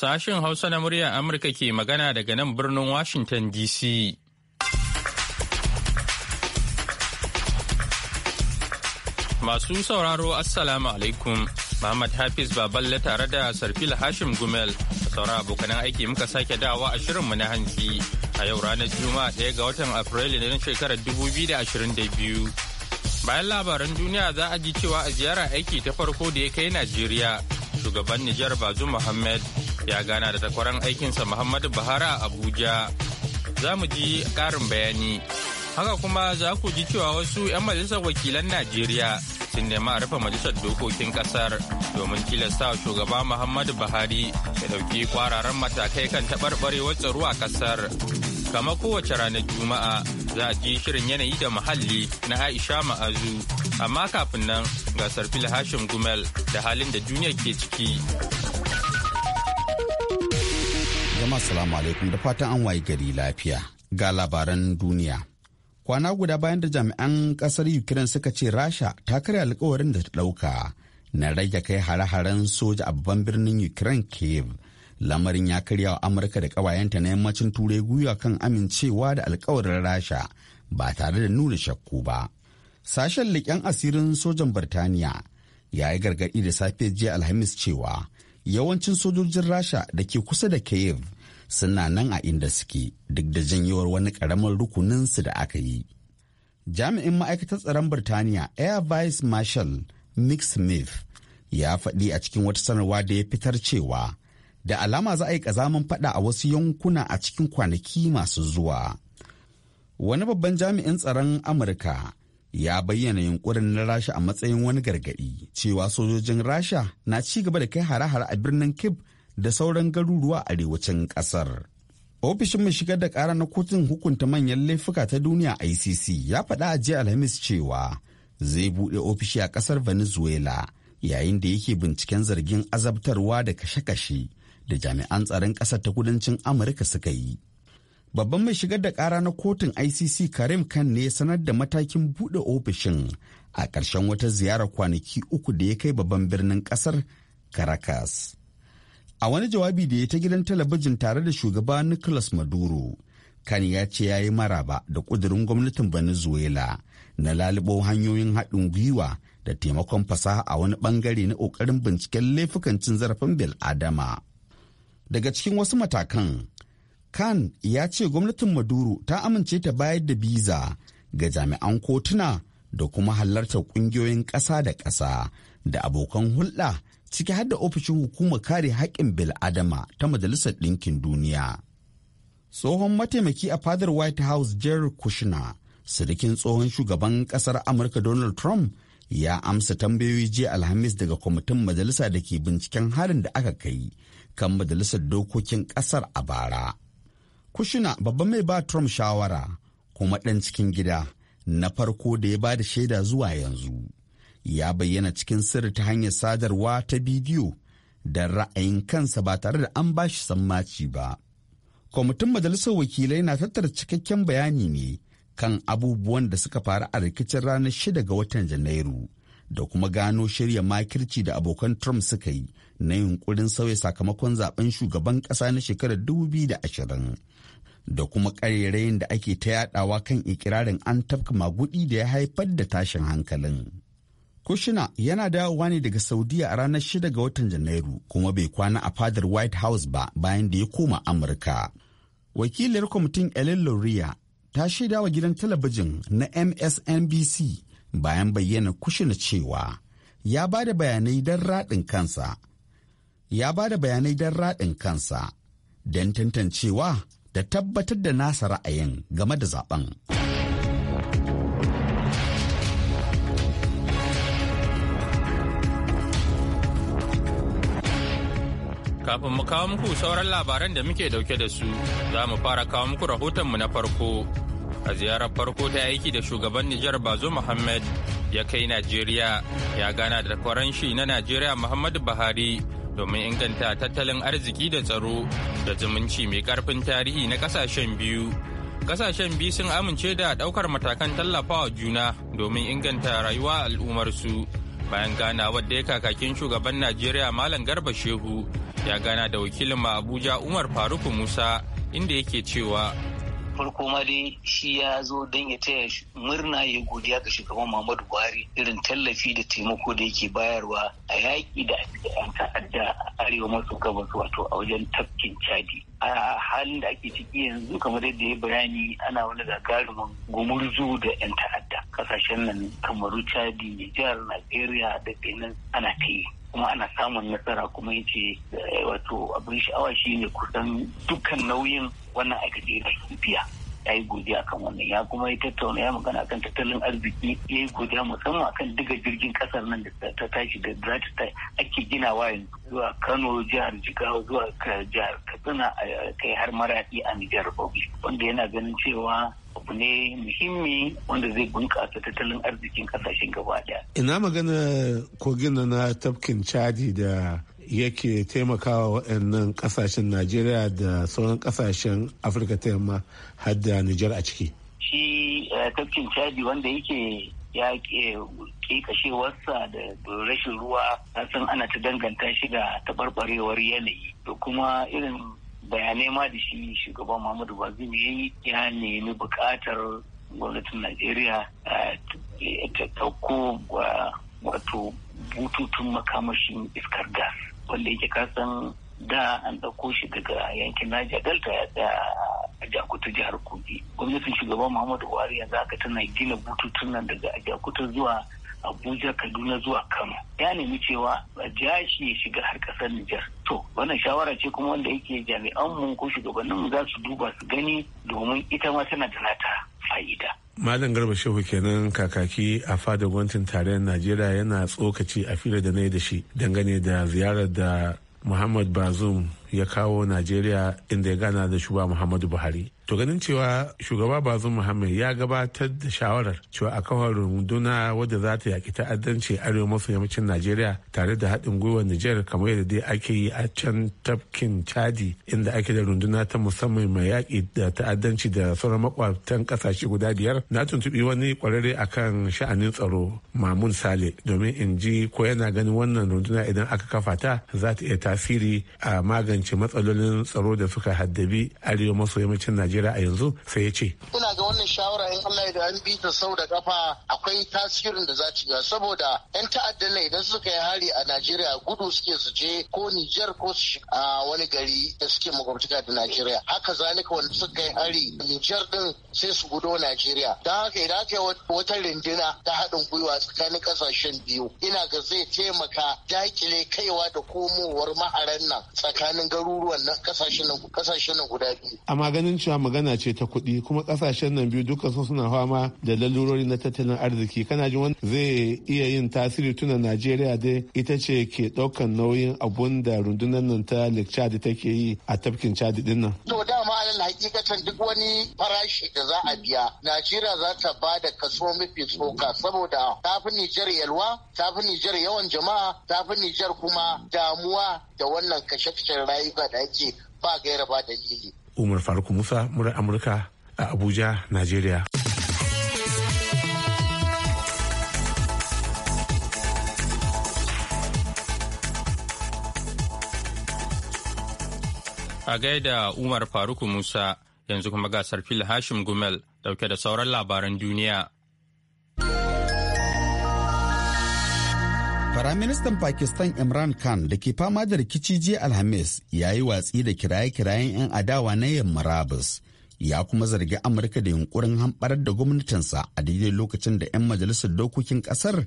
Sashen Hausa na murya Amurka ke magana daga nan birnin Washington DC. Masu sauraro Assalamu alaikum. Muhammad Hafiz Baballe tare da Sarfil Hashim Gumel saura abokanan aiki muka sake dawa a shirinmu na hantsi a yau ranar Juma'a ɗaya ga watan Afrilu na shekarar 2022. Bayan labaran duniya za a ji cewa a ziyara aiki ta farko da ya kai Najeriya, shugaban Nijar Bazu Muhammad ya gana da takwaran aikinsa Muhammadu Buhari a Abuja. Za mu ji ƙarin bayani. Haka kuma za ku ji cewa wasu 'yan majalisar wakilan Najeriya sun nema a rufe majalisar dokokin ƙasar domin tilasta shugaba Muhammadu Buhari ya ɗauki kwararan matakai kan taɓarɓarewar tsaro a ƙasar. Kama kowace ranar Juma'a za a ji shirin yanayi da muhalli na Aisha Ma'azu. Amma kafin nan gasar Sarfil Hashim Gumel da halin da duniya ke ciki. Jama'a salamu alaikum da fatan an waye gari lafiya ga labaran duniya. Kwana guda bayan da jami'an kasar Ukraine suka ce Rasha ta karya alkawarin da ta ɗauka na rage kai hare-haren soja a babban birnin Ukraine Kiev. Lamarin ya karya wa Amurka da kawayenta na yammacin Turai gwiwa kan amincewa da alkawarin Rasha ba tare da nuna shakku ba. Sashen leƙen asirin sojan Birtaniya ya yi gargaɗi da safe jiya Alhamis cewa yawancin sojojin rasha da ke kusa da kiev suna nan a inda suke duk da janyewar wani ƙaramin rukuninsu da aka yi jami'in ma'aikatar tsaron birtaniya air vice marshal nick smith ya faɗi a cikin wata sanarwa da ya fitar cewa da alama za a yi ƙazaman faɗa a wasu yankuna a cikin kwanaki masu zuwa wani babban jami'in tsaron amurka ya bayyana yunkurin na rasha a matsayin wani gargaɗi cewa sojojin rasha na ci gaba da kai hare-hare a birnin kib da sauran garuruwa a arewacin ƙasar ofishin mai shigar da ƙara na kotun hukunta manyan laifuka ta duniya icc ya faɗa a jiya alhamis cewa zai buɗe ofishi a ƙasar venezuela yayin da yake binciken zargin azabtarwa da kashe-kashe da jami'an tsaron ƙasar ta kudancin amurka suka yi babban mai shigar da kara na kotun icc karim khan ne ya sanar da matakin buɗe ofishin a ƙarshen wata ziyara kwanaki uku da ya kai babban birnin ƙasar caracas a wani jawabi da ya ta gidan talabijin tare da shugaba nicolas maduro kan ya ce ya yi maraba da ƙudurin gwamnatin venezuela na lalubo hanyoyin haɗin gwiwa da taimakon fasaha a wani ɓangare na ƙoƙarin binciken laifukan cin zarafin bil'adama daga cikin wasu matakan Khan ya ce gwamnatin Maduro ta amince ta bayar da biza ga jami'an kotuna da kuma halartar ƙungiyoyin ƙasa da ƙasa da abokan hulɗa ciki har da ofishin hukumar kare haƙƙin bil'adama ta Majalisar Ɗinkin Duniya. Tsohon mataimaki a fadar White House Jared Kushner, sirikin tsohon shugaban ƙasar Amurka Donald Trump ya amsa tambayoyi jiya Alhamis daga kwamitin majalisa da ke binciken harin da aka kai kan majalisar dokokin ƙasar a bara. kushina babban mai ba trump shawara kuma ɗan cikin gida na farko da ya ba da shaida zuwa yanzu ya bayyana cikin sirri ta hanyar sadarwa ta bidiyo da ra'ayin kansa ba tare da an ba shi sammaci ba kwamitin majalisar wakilai na tattara cikakken bayani ne kan abubuwan da suka faru a rikicin ranar shida ga watan janairu da kuma gano shirya makirci da abokan Trump suka yi na yunkurin sauya sakamakon zaben shugaban kasa na shekarar 2020 da kuma ƙarerayin da ake ta yaɗawa kan ikirarin an tafka magudi da ya haifar da tashin hankalin. Kushina yana dawowa ne daga Saudiya a ranar 6 ga watan Janairu kuma bai kwana a fadar White House ba bayan da ya koma Amurka. Wakilar kwamitin Ellen Loria ta shaida wa gidan talabijin na MSNBC bayan bayyana Kushina cewa ya ba da bayanai don raɗin kansa. Ya ba da bayanai don raɗin kansa don tantancewa da tabbatar da nasa ra'ayin game da zaben. Kafin mu kawo muku sauran labaran da muke dauke da su, za mu fara kawo muku rahotonmu na farko. A ziyarar farko ta aiki da shugaban Nijar Bazo Muhammad ya kai Najeriya ya gana da shi na Najeriya Muhammadu Buhari domin inganta tattalin arziki da tsaro da zumunci mai karfin tarihi na kasashen biyu. Kasashen biyu sun amince da daukar matakan tallafawa juna domin inganta rayuwa al'ummarsu. Bayan ganawar da ya kakakin shugaban Najeriya Malam Garba Shehu ya gana da wakilin ma Abuja Umar Faruku Musa inda yake cewa farko ma dai shi ya zo don ya taya murna ya godiya ga shugaban Muhammadu Buhari irin tallafi da taimako da yake bayarwa a yaƙi da yan ta'adda a arewa maso gabas wato a wajen tafkin cadi A halin da ake ciki yanzu kamar yadda ya bayani ana wani gagarumin gumurzu da 'yan ta'adda kasashen nan kamaru cadi Nijar, Najeriya da Benin ana ta yi. kuma ana samun nasara kuma ya ce eh, wato abin sha'awa shi ne kusan dukkan nauyin wannan aikace da biya ya yi godiya kan wannan ya kuma ya tattauna ya magana kan tattalin arziki ya yi godiya musamman akan diga jirgin kasar nan da ta tashi da za ta ake ginawa yanzu zuwa kano jihar jigawa zuwa jihar katsina kai har maraɗi a nijar republic wanda yana ganin cewa abu ne muhimmi wanda zai bunƙasa tattalin arzikin ƙasashen gaba ɗaya. Ina magana kogin na tafkin Chadi da yake taimakawa waɗannan ƙasashen Najeriya da sauran ƙasashen Afirka ta yamma har da Nijar a ciki. Shi eh, tafkin Chadi wanda yake ya kashewarsa da rashin ruwa san ana ta danganta shi da taɓarɓarewar yanayi da kuma irin bayanai ma da shi shugaban muhammadu bazin ya yi ya nemi bukatar gwamnatin najeriya eh, eh, ta ɗauko eh, wato bututun makamashin iskar gas wanda yake kasan da an ɗauko shi daga yankin Naija Delta ya tsaya a Jakuta jihar Kogi. Gwamnatin shugaban Muhammadu Buhari yanzu aka tana gina bututun nan daga Jakuta zuwa abuja kaduna zuwa kano ya nemi cewa a jashi shi ya shiga har kasar nijar to wannan shawara ce kuma wanda yake jami'an mu ko shugabannin mu za su duba su gani domin ita ma tana da nata fa'ida Malam Garba Shehu kenan kakaki a fadar gwamnatin tarayyar Najeriya yana tsokaci a fira da na yi da shi dangane da ziyarar da Muhammad Bazoum ya kawo najeriya inda ya gana da shugaba muhammadu buhari to ganin cewa shugaba bazu muhammad ya gabatar da shawarar cewa a kawar runduna wadda za ta yaƙi ta'addanci arewa maso yammacin najeriya tare da haɗin gwiwar nijar kamar yadda dai ake yi a can tafkin chadi inda ake da runduna ta musamman mai yaƙi da ta'addanci da sauran makwabtan ƙasashe guda biyar na tuntuɓi wani ƙwararre akan sha'anin tsaro mamun sale domin in ji ko yana ganin wannan runduna idan aka kafa ta za ta iya tasiri a magani magance matsalolin tsaro da suka haddabi arewa maso yammacin najeriya a yanzu sai ya ce ina ga wannan shawara in allah ya an bi ta sau da kafa akwai tasirin da za ta yi saboda yan ta'adda na idan suka yi hari a najeriya gudu suke su je ko nijar ko su a wani gari da suke makwabtaka da najeriya haka zalika wanda suka yi hari nijar din sai su gudo najeriya don haka idan aka yi wata rindina ta haɗin gwiwa tsakanin kasashen biyu ina ga zai taimaka dakile kaiwa da komowar maharan nan tsakanin garuruwan nan kasashen nan kasashen nan guda biyu amma ganin cewa magana ce ta kuɗi kuma kasashen nan biyu duka su suna fama da lalurori na tattalin arziki kana jin wani zai iya yin tasiri tuna Najeriya dai ita ce ke ɗaukan nauyin abun da rundunar nan ta Chad take yi a tafkin Chad din nan to dama alal hakikatan duk wani farashi da za a biya Najeriya za ta ba da kaso mafi tsoka saboda ta fi Nijar yalwa ta fi yawan jama'a ta fi kuma damuwa da wannan kashe-kashen ba da ake ba gaira ba dalili. Umar Faruk Musa, murar Amurka a Abuja, Najeriya. A gaida Umar Faruk Musa yanzu kuma gasar Fil Hashim Gumel dauke da sauran labaran duniya. Firaministan Pakistan Imran Khan da ke fama da rikici jiya Alhamis ya yi watsi da kiraye-kirayen 'yan adawa na yamma Ya kuma zargi Amurka da yunkurin hamɓarar da gwamnatinsa a daidai lokacin da 'yan majalisar dokokin ƙasar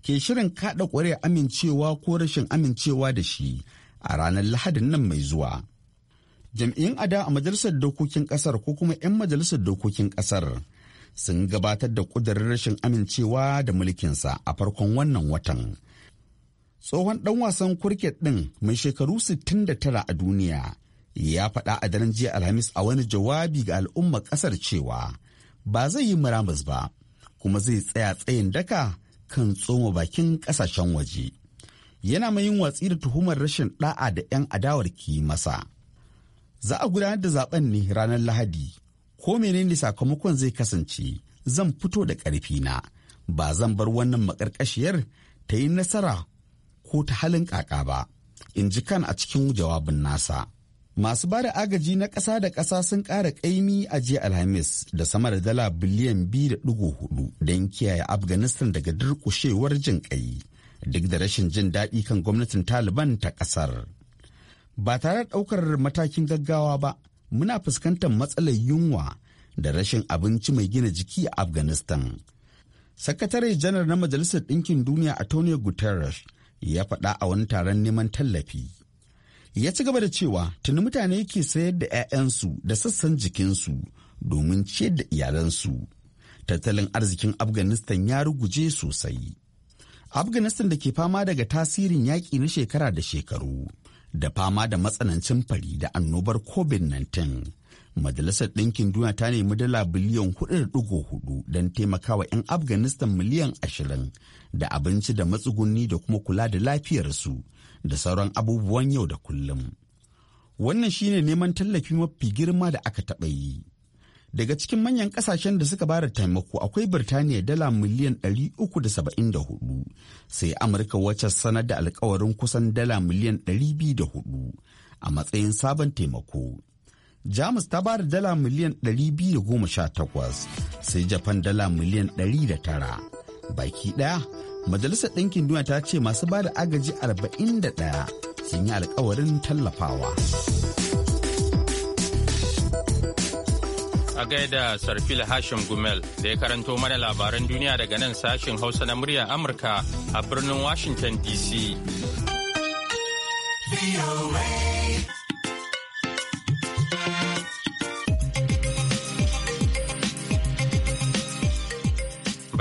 ke shirin kaɗa ƙware amincewa ko rashin amincewa da shi a ranar Lahadin nan mai zuwa. Jam'iyyun ada a majalisar dokokin ƙasar ko kuma 'yan majalisar dokokin ƙasar sun gabatar da ƙudurin rashin amincewa da mulkinsa a farkon wannan watan. tsohon ɗan wasan kurket ɗin mai shekaru 69 a duniya ya faɗa a daren jiya alhamis a wani jawabi ga al'ummar ƙasar cewa ba zai yi muramus ba kuma zai tsaya tsayin daka kan tsoma bakin ƙasashen waje yana mai yin watsi da tuhumar rashin ɗa'a da 'yan adawar ki masa za a gudanar da zaben ne ranar lahadi ko menene sakamakon zai kasance zan fito da na. ba zan bar wannan maƙarƙashiyar ta yi nasara ko ta halin kaka ba in ji kan a cikin jawabin nasa masu ba da agaji na ƙasa da ƙasa sun ƙara ƙaimi a jiya alhamis da sama da dala biliyan biyu da hudu. don kiyaye afghanistan daga durƙushewar jin ƙai duk da rashin jin daɗi kan gwamnatin taliban ta ƙasar ba tare da ɗaukar matakin gaggawa ba muna fuskantar matsalar yunwa da rashin abinci mai gina jiki a afghanistan sakatare janar na majalisar ɗinkin duniya antonio guterres ya faɗa a wani taron neman tallafi. Ya ci gaba da cewa tuni mutane ke sayar da 'ya'yansu da sassan jikinsu domin ciyar da iyalansu. Tattalin arzikin Afghanistan ya ruguje sosai. Afghanistan da ke fama daga tasirin yaƙi na shekara da shekaru, da fama da matsanancin fari da annobar COVID-19. Majalisar Ɗinkin Duniya ta nemi dala biliyan 4.4 don taimakawa 'yan Afghanistan miliyan 20 da abinci da matsuguni da kuma kula da lafiyarsu da sauran abubuwan yau da kullum. Wannan shi ne neman tallafi mafi girma da aka taɓa yi. Daga cikin manyan ƙasashen da suka bada taimako akwai Birtaniya dala miliyan 374 sai Amurka wacce sanar da alkawarin kusan dala miliyan 204 a matsayin sabon taimako. jamus ta bada dala miliyan 218 sai japan dala miliyan 109 baki daya majalisar ɗinkin duniya ta ce masu bada agaji 41 sun yi alkawarin tallafawa a gaida sarfil hashim gumel da ya karanto mana labaran duniya daga nan sashin hausa na murya amurka a birnin washington dc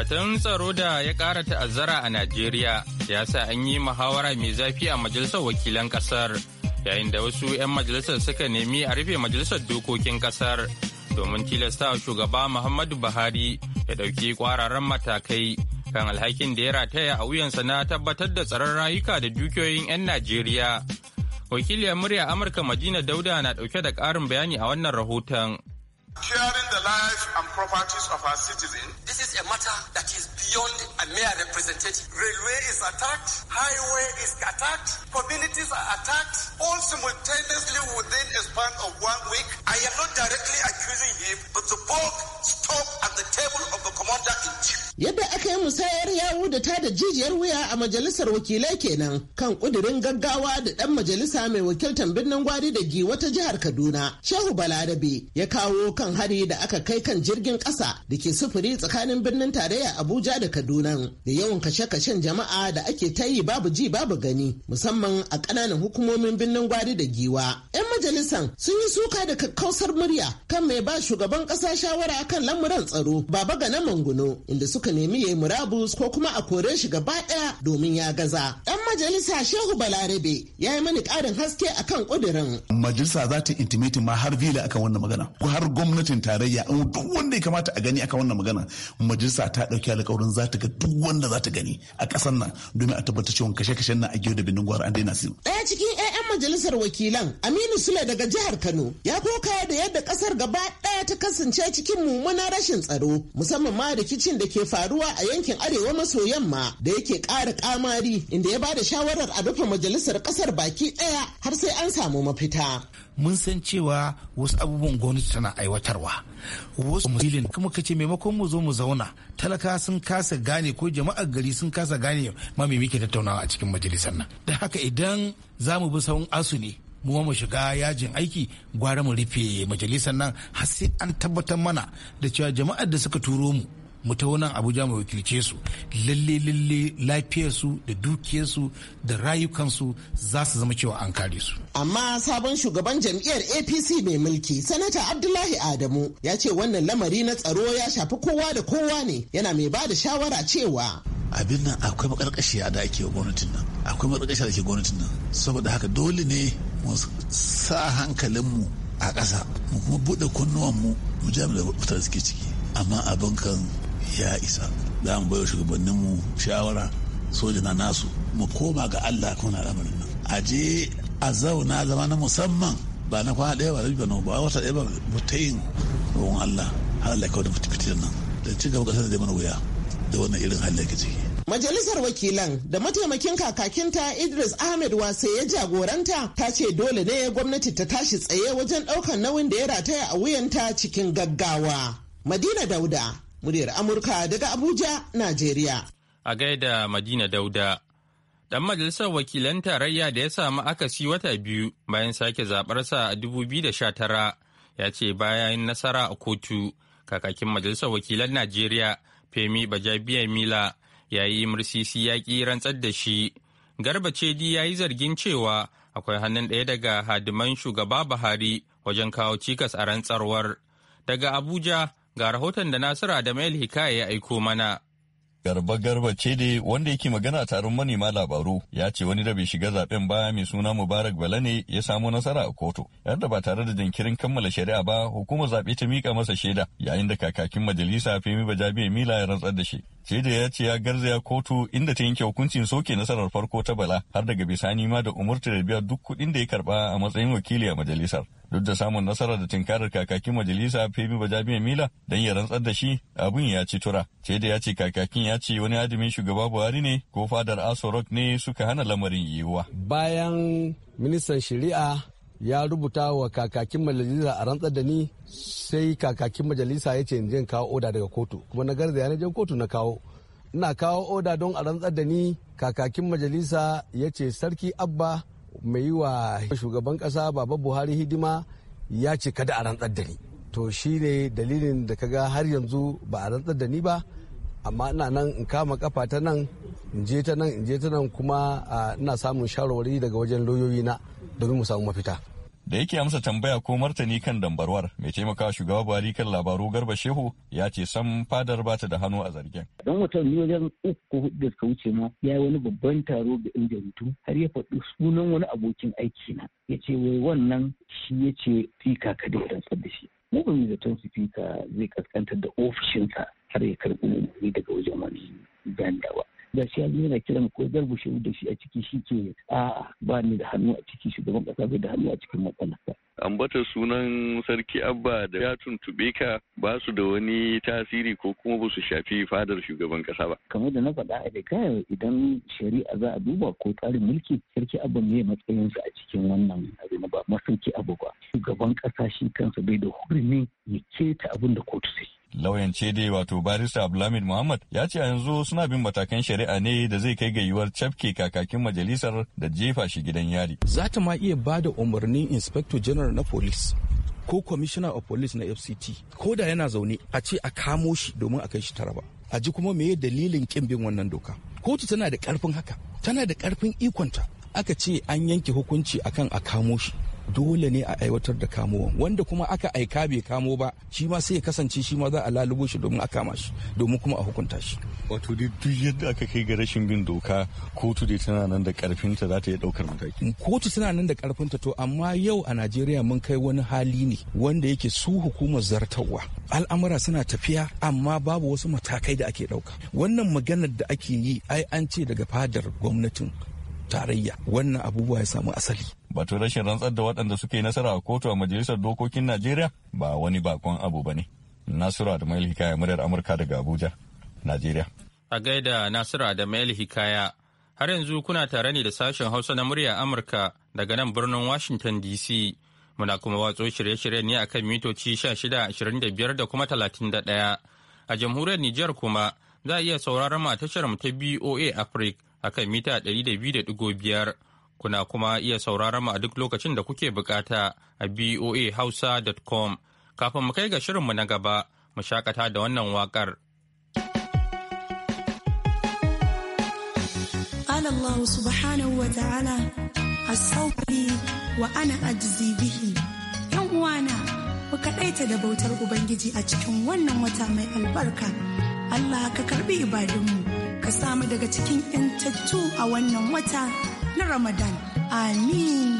Batun tsaro da ya ƙara ta'azzara a Najeriya ya sa an yi muhawara mai zafi a majalisar wakilan ƙasar yayin da wasu 'yan majalisar suka nemi a rufe majalisar dokokin ƙasar domin tilasta shugaba Muhammadu Buhari ya ɗauki kwararren matakai kan alhakin da ya rataya a wuyansa na tabbatar da tsaron rayuka da dukiyoyin 'yan Najeriya. Wakiliyar murya Amurka Madina Dauda na ɗauke da ƙarin bayani a wannan rahoton. Caring the life and properties of our citizens. This is a matter that is beyond a mere representative. Railway is attacked, highway is attacked, communities are attacked, all simultaneously within a span of one week. I am not directly accusing him, but the bulk stop at the table of the commander in chief. Yadda aka yi musayar yawo da ta da jijiyar wuya a majalisar wakilai kenan kan kudirin gaggawa da dan majalisa mai wakiltar birnin gwari da giwa ta jihar Kaduna, Shehu Balarabe ya kawo kan hari da aka kai kan jirgin ƙasa da ke sufuri tsakanin birnin tarayya Abuja da Kaduna da yawan kashe-kashen jama'a da ake ta yi babu ji babu gani musamman a ƙananan hukumomin birnin Gwari da Giwa. 'Yan majalisan sun yi suka da kakkausar murya kan mai ba shugaban ƙasa shawara kan lamuran tsaro Baba Gana Manguno inda suka nemi ya yi murabus ko kuma a kore shi gaba ɗaya domin ya gaza. Yan majalisa Shehu Balarabe ya yi mani ƙarin haske akan ƙudurin. Majalisa za ta intimate ma har vila akan wannan magana. Har gwamnati gwamnatin tarayya duk wanda ya kamata a gani aka wannan magana majalisa ta dauki alƙawarin za ta ga duk wanda za ta gani a ƙasar nan domin a tabbatar cewa kashe-kashen nan a giyo da binin gwara an daina su. Ɗaya cikin 'ya'yan majalisar wakilan Aminu Sule daga jihar Kano ya koka da yadda ƙasar gaba ɗaya ta kasance cikin mummunan rashin tsaro musamman ma rikicin da ke faruwa a yankin arewa maso yamma da yake ƙara ƙamari inda ya ba da shawarar a rufe majalisar ƙasar baki ɗaya har sai an samu mafita. mun san cewa wasu abubuwan gwamnati tana aiwatarwa wasu musilin kuma ka ce maimakon mu zo mu zauna talaka sun kasa gane ko jama'ar gari sun kasa gane ma mai muke tattaunawa a cikin majalisar nan da haka idan za mu bi sawun asu ne mu mu shiga yajin aiki gwara mu rufe majalisar nan har sai an tabbatar mana da cewa jama'ar da suka turo mu mu ta wani abuja mu wakilce su lalle lalle lafiyarsu da dukiyarsu da rayukansu za su zama cewa an kare su amma sabon shugaban jam'iyyar apc mai mulki sanata abdullahi adamu ya ce wannan lamari na tsaro ya shafi kowa da kowa ne yana mai ba da shawara cewa abin nan akwai makarkashiya da ake gwamnatin nan akwai makarkashiya da ake gwamnatin nan saboda haka dole ne mu sa hankalinmu a ƙasa mu kuma buɗe kunnuwanmu mu jami da mutane suke ciki amma abin kan ya isa za mu baiwa shugabanninmu shawara soja na nasu mu koma ga allah kuna lamarin nan a je a zauna zama na musamman ba na kwana ɗaya ba rabi ba ba wata ɗaya ba mu ta yin allah har allah kawai da fitinan nan da ci gaba ƙasar da mana wuya da wannan irin halin da ciki Majalisar wakilan da mataimakin kakakinta Idris Ahmed Wase ya jagoranta ta ce dole ne gwamnati ta tashi tsaye wajen ɗaukar nauyin da ya rataya a wuyanta cikin gaggawa. Madina Dauda, muryar Amurka daga Abuja, Najeriya. A gaida Madina Dauda. ɗan majalisar wakilan tarayya da ya samu akasi wata biyu bayan sake zaɓarsa a 2019 ya ce bayan nasara a kotu kakakin majalisar wakilan Najeriya Femi Bajabiya Mila ya yi mursisi ya ƙi rantsar da shi. Garba Cedi ya yi zargin cewa akwai hannun ɗaya daga hadiman shugaba Buhari wajen kawo cikas a rantsarwar. Daga Abuja, ga rahoton da Nasiru Adamu Hikaya ya aiko mana. Garba Garba ce da wanda yake magana a taron manema labaru ya ce wani da bai shiga zaben baya mai suna Mubarak Bala ne ya samu nasara a kotu. Yar da ba tare da jinkirin kammala shari'a ba hukumar zaɓe ta mika masa shaida yayin da kakakin majalisa Femi Bajabiya Mila ya rantsar da shi. Shaida ya ce ya garzaya kotu inda ta yanke hukuncin soke nasarar farko ta Bala har daga bisani ma da umurtar da biya duk kuɗin da ya karɓa a matsayin wakili a majalisar. duk da samun nasarar da tinkarar kakakin majalisa Femi Bajabiya Mila don ya rantsar da shi abin ya ci tura. Sai da ya ce kakakin ya ce wani adimin shugaba Buhari ne ko fadar Aso Rock ne suka hana lamarin yiwuwa. Bayan ministan shari'a ya rubuta wa kakakin majalisa a rantsar da ni sai kakakin majalisa ya ce in kawo oda daga kotu kuma na garza ya na jan kotu na kawo ina kawo oda don a rantsar da ni kakakin majalisa ya ce sarki abba mai yi wa shugaban kasa baba buhari hidima ya ce kada a rantsar da ni to shi ne dalilin da ka ga har yanzu ba a rantsar da ni ba amma ina nan in kama kafa ta nan in je ta nan in je ta nan kuma ina samun shawarwari daga wajen lauyoyi na domin mu samu mafita da yake amsa tambaya ko martani kan dambarwar mai taimaka shugaba buhari kan labaru garba shehu ya ce san fadar ba ta da hannu a zargen dan watan biyu wajen uku ko hudu da suka wuce ma ya yi wani babban taro ga yan jaridu har ya faɗi sunan wani abokin aiki na ya ce wai wannan shi ya ce fika ka da rantsar da shi mu mu zaton su fika zai kaskantar da ofishinsa har ya karɓi daga wajen wani gandawa da shi yanzu yana kiran ko garbu shehu da shi a ciki shi ke a ba ni da hannu a ciki shugaban kasa bai da hannu a cikin matsalar ambata sunan sarki abba da ya tuntube ka ba su da wani tasiri ko kuma ba su shafi fadar shugaban kasa ba kamar da na faɗa a daga idan shari'a za a duba ko tsarin mulki sarki abba ne matsayinsa a cikin wannan na ba masauki abu ba shugaban kasa shi kansa bai da hurumi ya keta abin da kotu sai Lauyan dai wato barista Abdulhamid Muhammad ya ce a yanzu suna bin matakan shari'a ne da zai kai ga yiwuwar cafke kakakin majalisar da jefa shi gidan yari. Za ta ma iya ba da umarnin Inspector General na Police ko Commissioner of Police na FCT ko da yana zaune a ce a kamo shi domin a kai shi taraba. A ji kuma meye dalilin kin bin wannan doka. Kotu tana da karfin haka, tana da karfin ikonta. Aka ce an yanke hukunci akan a kamo shi. dole ne a aiwatar da kamowan wanda kuma aka aika bai kamo ba shi ma sai ya kasance shi ma za a lalubo shi domin a kama shi domin kuma a hukunta shi wato dai duk yadda aka kai ga rashin bin doka kotu dai tana nan da karfinta za ta iya daukar mataki kotu tana nan da karfinta to amma yau a najeriya mun kai wani hali ne wanda yake su hukumar zartarwa al'amura suna tafiya amma babu wasu matakai da ake dauka wannan maganar da ake yi ai an ce daga fadar gwamnatin tarayya wannan abubuwa ya samu asali batun rashin rantsar da waɗanda suke nasara a kotu a majalisar dokokin najeriya ba wani bakon abu ba ne nasura da hikaya muryar amurka daga abuja najeriya a gaida nasiru da hikaya har yanzu kuna tare ne da sashen hausa na murya amurka daga nan birnin washington dc muna kuma watso shirye-shirye ne akan mitoci 16 25 da kuma talatin 31 a jamhuriyar nijar kuma za a iya sauraron mu tashar mu ta boa africa akan mita 200.5 kuna kuma iya sauraron mu a duk lokacin da kuke bukata a boahausa.com. Kafin mu kai ga shirinmu na gaba, mu shakata da wannan wakar. Kaɗaita da bautar Ubangiji a cikin wannan wata mai albarka, Allah ka karbi ibadunmu, ka samu daga cikin ‘yantattu a wannan wata’ na Ramadan. Amin.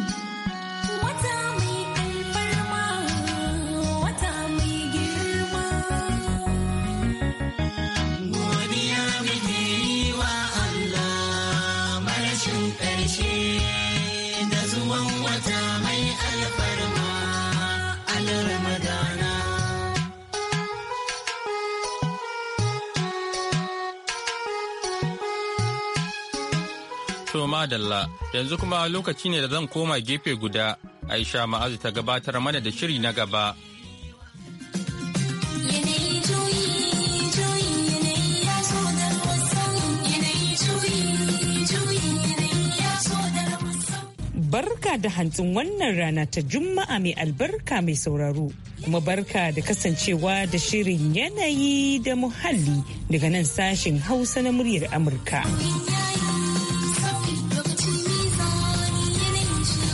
madalla yanzu kuma lokaci ne da zan koma gefe guda aisha ma'azu ta gabatar mana da shiri na gaba barka da hantsin wannan rana ta juma'a mai albarka mai sauraro kuma barka da kasancewa da shirin yanayi da muhalli daga nan sashen hausa na muryar amurka.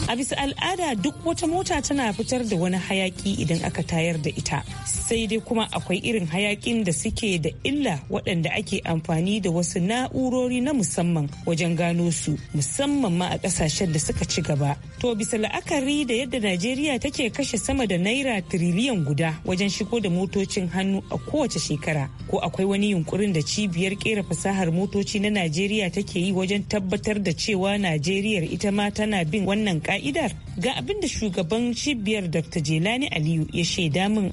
a bisa al'ada duk wata mota tana fitar da wani hayaki idan aka tayar da ita sai dai kuma akwai irin hayakin da suke da illa waɗanda ake amfani da wasu na'urori na musamman wajen gano su musamman ma a ƙasashen da suka ci gaba to bisa la'akari da yadda najeriya take kashe sama da naira tiriliyan guda wajen shigo da motocin hannu a kowace shekara ko akwai wani yunkurin da cibiyar ƙera fasahar motoci na najeriya take yi wajen tabbatar da cewa najeriya ita ma tana bin wannan ƙa'ida fa'idar ga abin da shugaban cibiyar Dr. Jelani Aliyu ya shaida min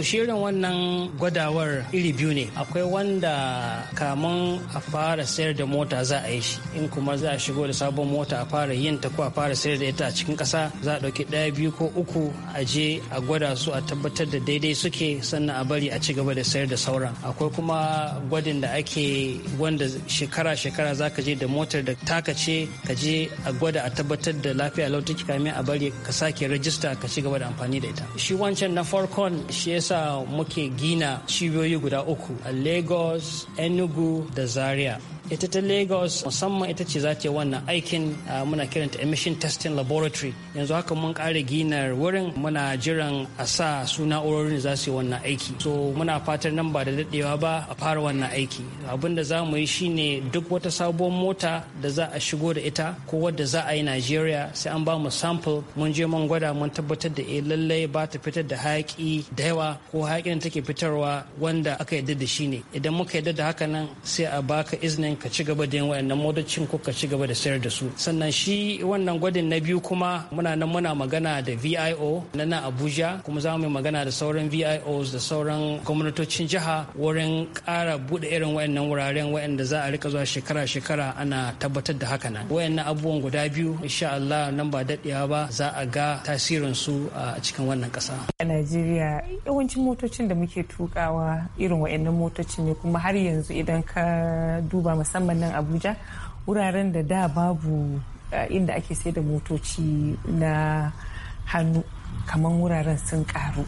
Shirin wannan gwadawar iri biyu ne. Akwai wanda kamun a fara sayar da mota za a yi shi. In kuma za a shigo da sabon mota a fara yin ta ko a fara sayar da ita a cikin kasa za a ɗauki ɗaya biyu ko uku a je a gwada su a tabbatar da daidai suke sannan a bari a ci gaba da sayar da sauran. Akwai kuma gwadin da ake wanda shekara-shekara za ka je da motar da taka ce ka je a gwada a tabbatar da lafiya lautaki kamin a bari ka sake rajista ka ci gaba da amfani da ita. Shi wancan na farkon shi yasa muke gina cibiyoyi guda uku a Lagos, Enugu da Zaria. ita ta lagos musamman ita ce za ta wannan aikin muna kiranta emission testing laboratory yanzu haka mun kare ginar wurin muna jiran a sa su na'urorin za su yi wannan aiki so muna fatar nan ba da daɗewa ba a fara wannan aiki abin da za mu yi shine duk wata sabuwar mota da za a shigo da ita ko wadda za a yi nigeria sai an ba mu sample mun je mun gwada mun tabbatar da eh lallai ba ta fitar da hayaki da yawa ko hayakin da take fitarwa wanda aka yadda da shi ne idan muka yadda da haka nan sai a baka iznin ka ci gaba da yin wayannan motocin ko ka ci gaba da sayar da su sannan shi wannan gwadin na biyu kuma muna nan muna magana da VIO na nan Abuja kuma za mu yi magana da sauran VIOs da sauran gwamnatocin jiha wurin ƙara buɗe irin wayannan wuraren wayanda za a rika zuwa shekara-shekara ana tabbatar da haka nan wayannan abubuwan guda biyu insha Allah nan ba daɗewa ba za a ga tasirin su a cikin wannan ƙasa. A Najeriya yawancin motocin da muke tukawa irin wayannan motocin ne kuma har yanzu idan ka duba musamman nan abuja wuraren da da babu eh, inda ake sai da motoci na hannu kamar wuraren sun karu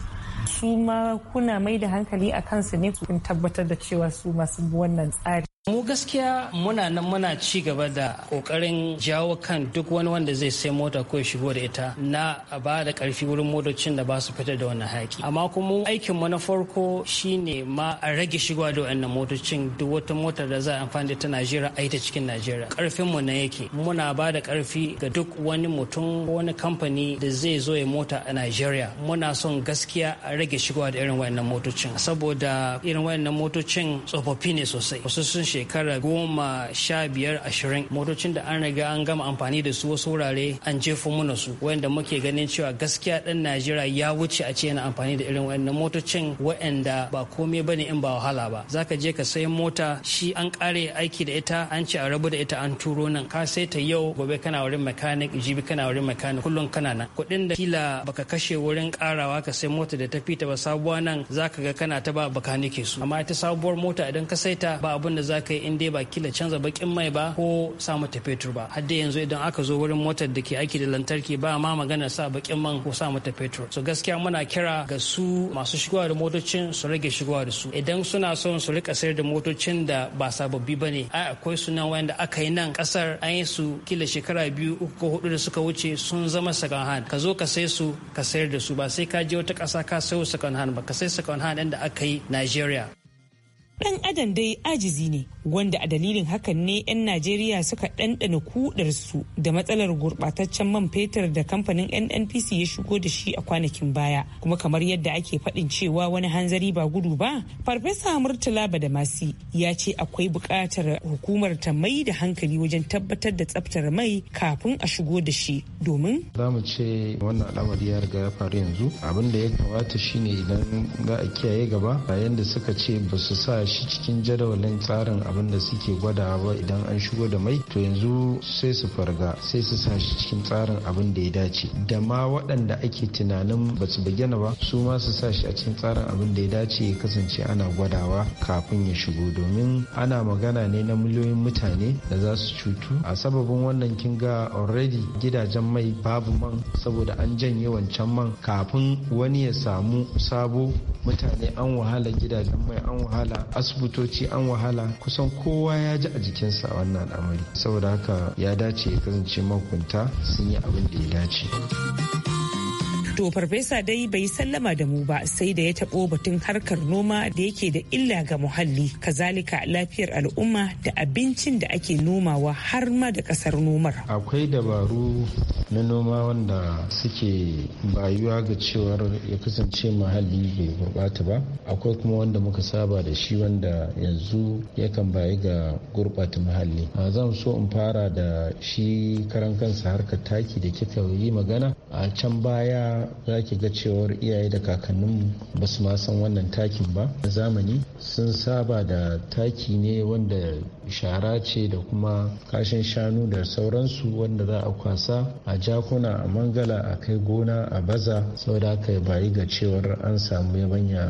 su ma kuna mai da hankali a kansu ne kun tabbatar da cewa su masu wannan tsari Mu gaskiya muna nan muna ci gaba da kokarin jawo kan duk wani wanda zai sai mota ko ya shigo da ita na ba da karfi wurin motocin da ba su fitar da wannan haƙi. Amma kuma aikin mu na farko shine ma a rage shigowa da wannan motocin duk wata motar da za a amfani da ta Najeriya a ita cikin Najeriya. Karfin mu na yake muna ba da karfi ga duk wani mutum ko wani kamfani da zai zo ya mota a Najeriya. Muna son gaskiya a rage shigowa da irin wayannan motocin saboda irin wayannan motocin tsofaffi ne sosai. Wasu sun shekara goma sha biyar ashirin motocin da an riga an gama amfani da su wasu wurare an jefa muna su wanda muke ganin cewa gaskiya dan najeriya ya wuce a ce yana amfani da irin wayannan motocin wayanda ba komai ba ne in ba wahala ba zaka je ka sayi mota shi an kare aiki da ita an ce a rabu da ita an turo nan ka sai ta yau gobe kana wurin mechanic jibi kana wurin mechanic kullum kana nan kuɗin da kila baka kashe wurin karawa ka sai mota da ta fita ba sabuwa nan zaka ga kana ta ba bakanike su amma ita sabuwar mota idan ka saita ba abin da za kai in dai ba kila canza bakin mai ba ko sa mata fetur ba har yanzu idan aka zo wurin motar da ke aiki da lantarki ba ma magana sa bakin man ko sa mata fetur so gaskiya muna kira ga su masu shigowa da motocin su rage shigowa da su idan suna son su rika sayar da motocin da ba sababbi ba ne ai akwai sunan wanda aka yi nan kasar an yi su kila shekara biyu uku ko hudu da suka wuce sun zama second hand ka zo ka sai su ka sayar da su ba sai ka je wata kasa ka sayo second hand ba ka sai second hand da aka yi Nigeria ɗan adam dai ajizi ne wanda a dalilin hakan ne 'yan najeriya suka ɗanɗana kudarsu da matsalar gurɓataccen man fetur da kamfanin nnpc ya shigo da shi a kwanakin baya kuma kamar yadda ake faɗin cewa wani hanzari ba gudu ba farfesa murtala badamasi ya ce akwai buƙatar hukumar ta mai da hankali wajen tabbatar da tsaftar mai kafin a shigo da shi domin za ce wannan al'amari ya riga ya faru yanzu abin da ya kamata shine idan za a kiyaye gaba bayan da suka ce ba su sa shi cikin jadawalin tsarin abin da suke gwadawa ba idan an shigo da mai to yanzu sai su farga sai su sa shi cikin tsarin abin da ya dace da ma waɗanda ake tunanin ba su bayyana ba su ma su sa shi a cikin tsarin abin da ya dace ya kasance ana gwadawa kafin ya shigo domin ana magana ne na miliyoyin mutane da za su cutu a sababin wannan kin ga already gidajen mai babu man saboda an janye wancan man kafin wani ya samu sabo mutane an wahala gidajen mai an wahala asibitoci an wahala kusan kowa ya ji a jikinsa a wannan al'amari saboda haka ya dace ya kasance mahukunta sun yi abin da ya dace. To farfesa dai bai sallama da mu ba sai da ya taɓo batun harkar noma da yake da illa ga muhalli, kazalika lafiyar al'umma da abincin da ake nomawa har ma da ƙasar nomar. Akwai dabaru na noma wanda suke bayuwa ga cewar ya kasance muhalli bai gurɓata ba. Akwai kuma wanda muka saba da shi wanda yanzu yakan bayi ga gurɓata muhalli. Zan so in fara da shi karan kansa harkar taki da kika yi magana a can baya za ki ga cewar iyaye da kakanninmu ba su ma san wannan takin ba na zamani sun saba da taki ne wanda shara ce da kuma kashin shanu da sauransu wanda za a kwasa a jakuna a mangala a kai gona a baza saboda haka bayi ga cewar an samu yabanya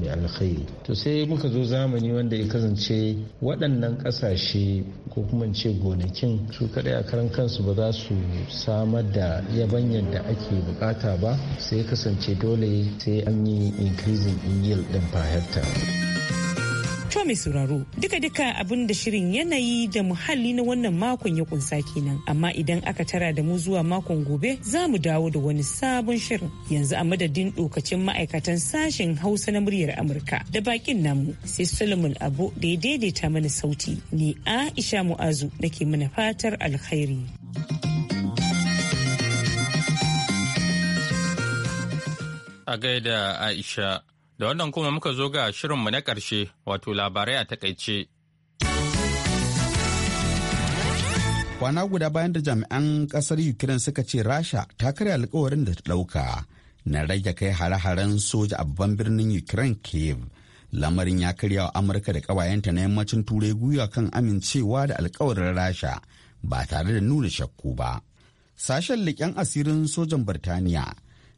mai alkhairi to sai muka zo zamani wanda ya kasance waɗannan ƙasashe ko kuma ce gonakin su kaɗai a karan kansu ba za su samar da yabanyan da ake bukata ba sai kasance dole sai an yi increasing in yield din per mai sauraro duka-duka abin da shirin yanayi da muhalli na wannan makon ya kunsa kenan. Amma idan aka tara da mu zuwa makon gobe za mu dawo da wani sabon shirin. Yanzu a madadin dokacin ma'aikatan sashen Hausa na muryar Amurka da bakin namu sai Solomon Abu da ya daidaita mana sauti. Ni Aisha Mu'azu da ke mana fatar alkhairi. A gaida Aisha, da wannan kuma muka zo ga shirinmu na ƙarshe wato labarai a takaice. Kwana guda bayan da jami'an ƙasar Ukraine suka ce Rasha ta karya alkawarin da ta ɗauka na rage kai hare-haren soja a babban birnin Ukraine Kiev. Lamarin ya karya wa Amurka da ƙawayenta na yammacin Turai gwiwa kan amincewa da alkawarin Rasha ba tare da nuna shakku ba. Sashen leƙen asirin sojan Birtaniya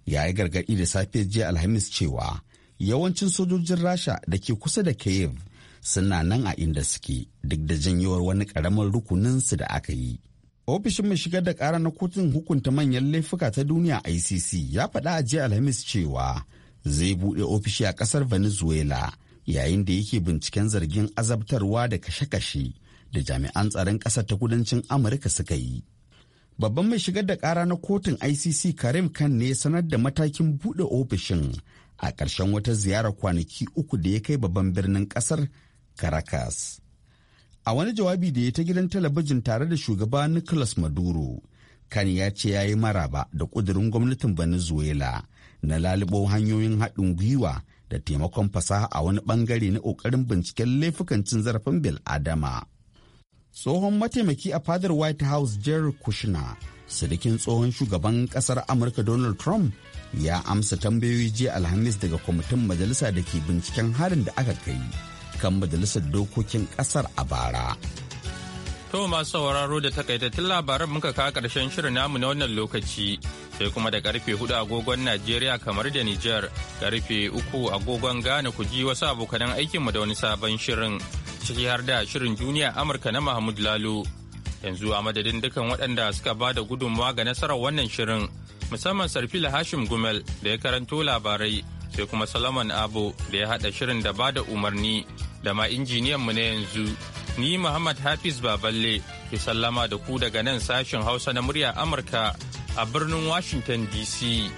ya yi gargaɗi da safe jiya alhamis cewa yawancin sojojin rasha da ke kusa da kiev suna nan a inda suke duk da janyowar wani ƙaramin su da aka yi ofishin mai shigar da ƙara na kotun hukunta manyan laifuka ta duniya icc ya faɗa a jiya alhamis cewa zai buɗe ofishi a ƙasar venezuela yayin da yake binciken zargin azabtarwa da kashe-kashe da jami'an tsaron ƙasar ta kudancin amurka suka yi babban mai shigar da kara na kotun icc karim khan ne ya sanar da matakin buɗe ofishin a ƙarshen wata ziyara kwanaki uku da ya kai babban birnin ƙasar caracas a wani jawabi da ya ta gidan talabijin tare da shugaba nicolas maduro kan ya ce ya yi maraba da ƙudurin gwamnatin venezuela na lalubo hanyoyin haɗin gwiwa da taimakon fasaha a wani ɓangare na ƙoƙarin binciken laifukan cin zarafin bil'adama. adama tsohon mataimaki a fadar white house Jerry kushner sadikin tsohon shugaban kasar amurka donald trump ya amsa tambayoyi jiya alhamis daga kwamitin majalisa da ke binciken harin da aka kai kan majalisar dokokin kasar a bara to masu sauraro da takaitattun labaran muka kawo karshen shirin namu na wannan lokaci sai kuma da karfe hudu agogon Najeriya kamar da Nijar, karfe uku agogon Ghana ku ji wasu abokanan aikinmu da wani sabon shirin, ciki har da shirin duniya Amurka na Mahmud Lalo. Yanzu a madadin dukan waɗanda suka ba da gudunmawa ga nasarar wannan shirin, musamman Sarfila Hashim Gumel da ya karanto labarai, sai kuma Salaman Abo da ya haɗa shirin da ba da umarni, da ma injiniyan mu na yanzu. Ni Muhammad Hafiz Baballe, ke sallama da ku daga nan sashen Hausa na murya Amurka. a birnin Washington DC.